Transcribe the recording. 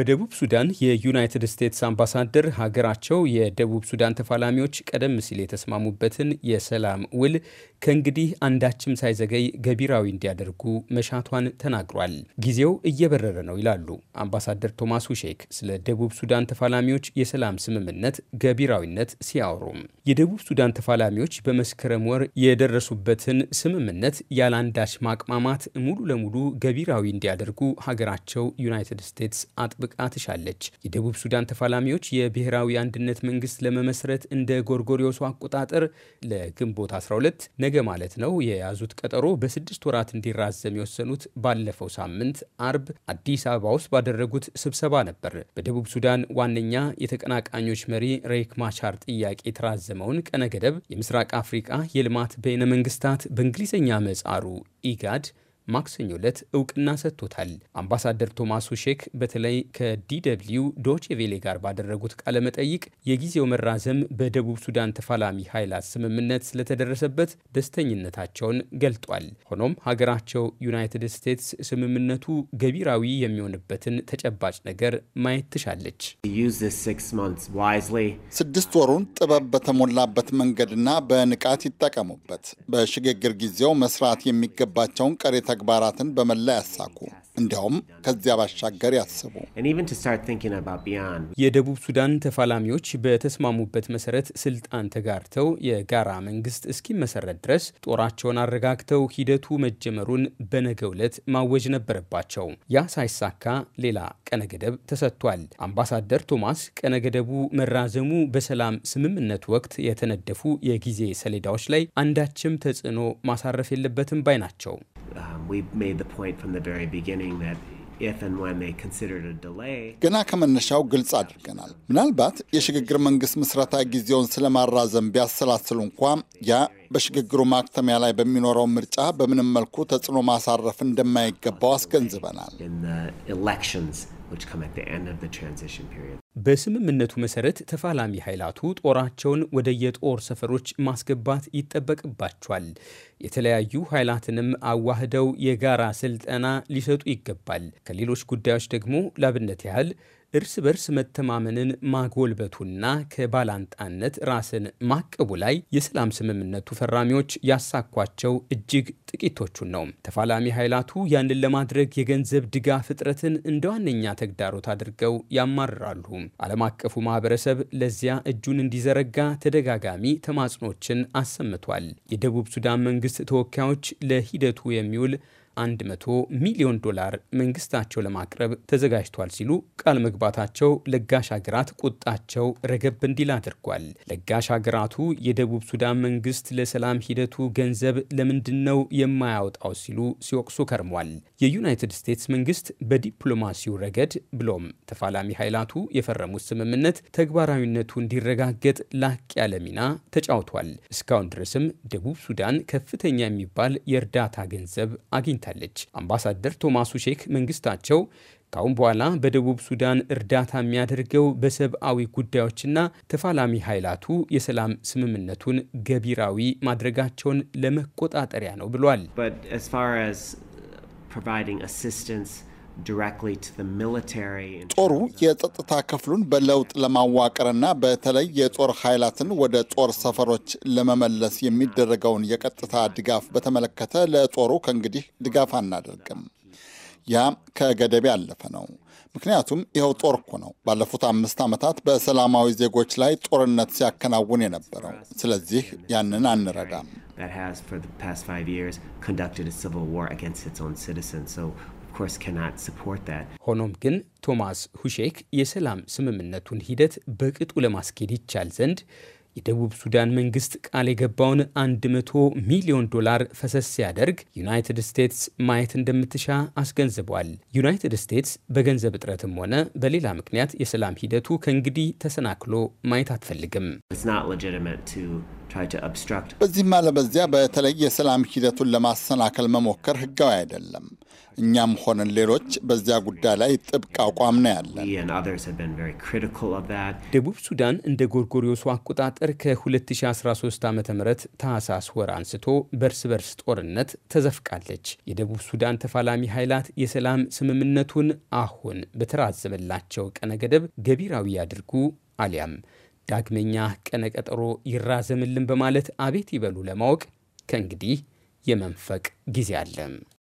በደቡብ ሱዳን የዩናይትድ ስቴትስ አምባሳደር ሀገራቸው የደቡብ ሱዳን ተፋላሚዎች ቀደም ሲል የተስማሙበትን የሰላም ውል ከእንግዲህ አንዳችም ሳይዘገይ ገቢራዊ እንዲያደርጉ መሻቷን ተናግሯል። ጊዜው እየበረረ ነው ይላሉ አምባሳደር ቶማስ ውሼክ ስለ ደቡብ ሱዳን ተፋላሚዎች የሰላም ስምምነት ገቢራዊነት ሲያወሩም የደቡብ ሱዳን ተፋላሚዎች በመስከረም ወር የደረሱበትን ስምምነት ያለአንዳች ማቅማማት ሙሉ ለሙሉ ገቢራዊ እንዲያደርጉ ሀገራቸው ዩናይትድ ስቴትስ አጥብ ብቃት ትሻለች። የደቡብ ሱዳን ተፋላሚዎች የብሔራዊ አንድነት መንግስት ለመመስረት እንደ ጎርጎሪዮሱ አቆጣጠር ለግንቦት 12 ነገ ማለት ነው የያዙት ቀጠሮ በስድስት ወራት እንዲራዘም የወሰኑት ባለፈው ሳምንት አርብ አዲስ አበባ ውስጥ ባደረጉት ስብሰባ ነበር። በደቡብ ሱዳን ዋነኛ የተቀናቃኞች መሪ ሬክ ማቻር ጥያቄ የተራዘመውን ቀነ ገደብ የምስራቅ አፍሪቃ የልማት በይነ መንግስታት በእንግሊዝኛ መጻሩ ኢጋድ ማክሰኞ ዕለት እውቅና ሰጥቶታል። አምባሳደር ቶማሱ ሼክ በተለይ ከዲደብሊው ዶቼ ቬሌ ጋር ባደረጉት ቃለ መጠይቅ የጊዜው መራዘም በደቡብ ሱዳን ተፋላሚ ኃይላት ስምምነት ስለተደረሰበት ደስተኝነታቸውን ገልጧል። ሆኖም ሀገራቸው ዩናይትድ ስቴትስ ስምምነቱ ገቢራዊ የሚሆንበትን ተጨባጭ ነገር ማየት ትሻለች። ስድስት ወሩን ጥበብ በተሞላበት መንገድና በንቃት ይጠቀሙበት። በሽግግር ጊዜው መስራት የሚገባቸውን ቀሬታ ተግባራትን በመላ ያሳኩ፣ እንዲያውም ከዚያ ባሻገር ያስቡ። የደቡብ ሱዳን ተፋላሚዎች በተስማሙበት መሰረት ስልጣን ተጋርተው የጋራ መንግስት እስኪመሰረት ድረስ ጦራቸውን አረጋግተው ሂደቱ መጀመሩን በነገ ዕለት ማወጅ ነበረባቸው። ያ ሳይሳካ ሌላ ቀነገደብ ተሰጥቷል። አምባሳደር ቶማስ ቀነገደቡ መራዘሙ በሰላም ስምምነት ወቅት የተነደፉ የጊዜ ሰሌዳዎች ላይ አንዳችም ተጽዕኖ ማሳረፍ የለበትም ባይ ናቸው። Um, we made the point from the very beginning that ገና ከመነሻው ግልጽ አድርገናል። ምናልባት የሽግግር መንግስት ምስረታ ጊዜውን ስለማራዘም ቢያሰላስሉ እንኳ ያ በሽግግሩ ማክተሚያ ላይ በሚኖረው ምርጫ በምንም መልኩ ተጽዕኖ ማሳረፍ እንደማይገባው አስገንዝበናል። በስምምነቱ መሰረት ተፋላሚ ኃይላቱ ጦራቸውን ወደ የጦር ሰፈሮች ማስገባት ይጠበቅባቸዋል። የተለያዩ ኃይላትንም አዋህደው የጋራ ስልጠና ሊሰጡ ይገባል። ከሌሎች ጉዳዮች ደግሞ ላብነት ያህል እርስ በርስ መተማመንን ማጎልበቱና ከባላንጣነት ራስን ማቀቡ ላይ የሰላም ስምምነቱ ፈራሚዎች ያሳኳቸው እጅግ ጥቂቶቹን ነው። ተፋላሚ ኃይላቱ ያንን ለማድረግ የገንዘብ ድጋፍ እጥረትን እንደ ዋነኛ ተግዳሮት አድርገው ያማርራሉ። ዓለም አቀፉ ማህበረሰብ ለዚያ እጁን እንዲዘረጋ ተደጋጋሚ ተማጽኖችን አሰምቷል። የደቡብ ሱዳን መንግስት ተወካዮች ለሂደቱ የሚውል 100 ሚሊዮን ዶላር መንግስታቸው ለማቅረብ ተዘጋጅቷል ሲሉ ቃል መግባታቸው ለጋሽ ሀገራት ቁጣቸው ረገብ እንዲል አድርጓል። ለጋሽ ሀገራቱ የደቡብ ሱዳን መንግስት ለሰላም ሂደቱ ገንዘብ ለምንድን ነው የማያወጣው ሲሉ ሲወቅሱ ከርሟል። የዩናይትድ ስቴትስ መንግስት በዲፕሎማሲው ረገድ ብሎም ተፋላሚ ኃይላቱ የፈረሙት ስምምነት ተግባራዊነቱ እንዲረጋገጥ ላቅ ያለ ሚና ተጫውቷል። እስካሁን ድረስም ደቡብ ሱዳን ከፍተኛ የሚባል የእርዳታ ገንዘብ አግኝታል። አመልክታለች። አምባሳደር ቶማሱ ሼክ መንግስታቸው ካሁን በኋላ በደቡብ ሱዳን እርዳታ የሚያደርገው በሰብአዊ ጉዳዮችና ተፋላሚ ኃይላቱ የሰላም ስምምነቱን ገቢራዊ ማድረጋቸውን ለመቆጣጠሪያ ነው ብሏል። ጦሩ የጸጥታ ክፍሉን በለውጥ ለማዋቀርና በተለይ የጦር ኃይላትን ወደ ጦር ሰፈሮች ለመመለስ የሚደረገውን የቀጥታ ድጋፍ በተመለከተ ለጦሩ ከእንግዲህ ድጋፍ አናደርግም። ያ ከገደብ ያለፈ ነው። ምክንያቱም ይኸው ጦር እኮ ነው ባለፉት አምስት ዓመታት በሰላማዊ ዜጎች ላይ ጦርነት ሲያከናውን የነበረው። ስለዚህ ያንን አንረዳም። ሆኖም ግን ቶማስ ሁሼክ የሰላም ስምምነቱን ሂደት በቅጡ ለማስኬድ ይቻል ዘንድ የደቡብ ሱዳን መንግስት ቃል የገባውን 100 ሚሊዮን ዶላር ፈሰስ ሲያደርግ ዩናይትድ ስቴትስ ማየት እንደምትሻ አስገንዝቧል። ዩናይትድ ስቴትስ በገንዘብ እጥረትም ሆነ በሌላ ምክንያት የሰላም ሂደቱ ከእንግዲህ ተሰናክሎ ማየት አትፈልግም። በዚህም አለበዚያ በተለይ የሰላም ሂደቱን ለማሰናከል መሞከር ህጋዊ አይደለም። እኛም ሆነን ሌሎች በዚያ ጉዳይ ላይ ጥብቅ አቋም ነው ያለን። ደቡብ ሱዳን እንደ ጎርጎሪዮሱ አቆጣጠር ከ2013 ዓ ም ታህሳስ ወር አንስቶ በርስ በርስ ጦርነት ተዘፍቃለች። የደቡብ ሱዳን ተፋላሚ ኃይላት የሰላም ስምምነቱን አሁን በተራዘመላቸው ቀነ ገደብ ገቢራዊ ያድርጉ አሊያም ዳግመኛ ቀነቀጠሮ ይራዘምልን በማለት አቤት ይበሉ ለማወቅ ከእንግዲህ የመንፈቅ ጊዜ አለም።